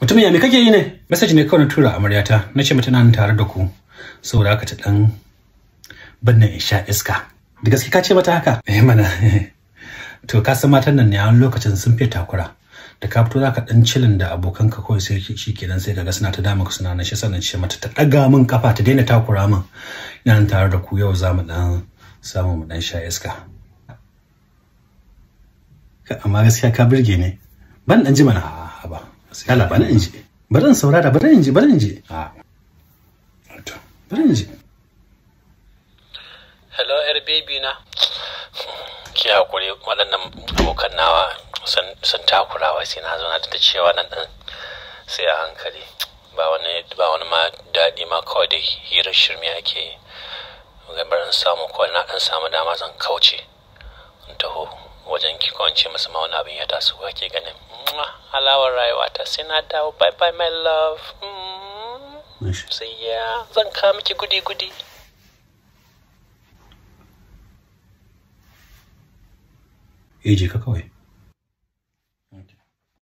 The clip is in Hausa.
mutumin ya me kake yi ne message ne kawai na tura amaryata na ce mata nan tare da ku saboda haka ta dan banna in sha iska da gaske ka ce mata haka eh mana to ka san matan nan ne a lokacin sun fi takura da ka fito zaka dan cilin da abokan ka kawai sai shi kenan sai daga suna ta dama ku suna na shi sanin ce mata ta daga min kafa ta daina takura min ina nan tare da ku yau za mu dan samu mu dan sha iska amma gaskiya ka birge ne ban dan ji mana ba yala bari in je bari in saurara bari in je bari in je ah. bari in je hello yar baby na ki hakuri waɗannan abokan nawa sun takurawa sai na zauna da cewa nan ɗan sai a hankali ba wani ba wani ma daɗi ma kawai da hirar shirme ake yi bari samu kawai na ɗan samu dama zan kauce in taho kawance musu ma wani abin ya taso kake ganin halawar rayuwa ta sai na dawo bye bye my love mm. sai ya zan ka miki gudi gudi Eh ka kawai.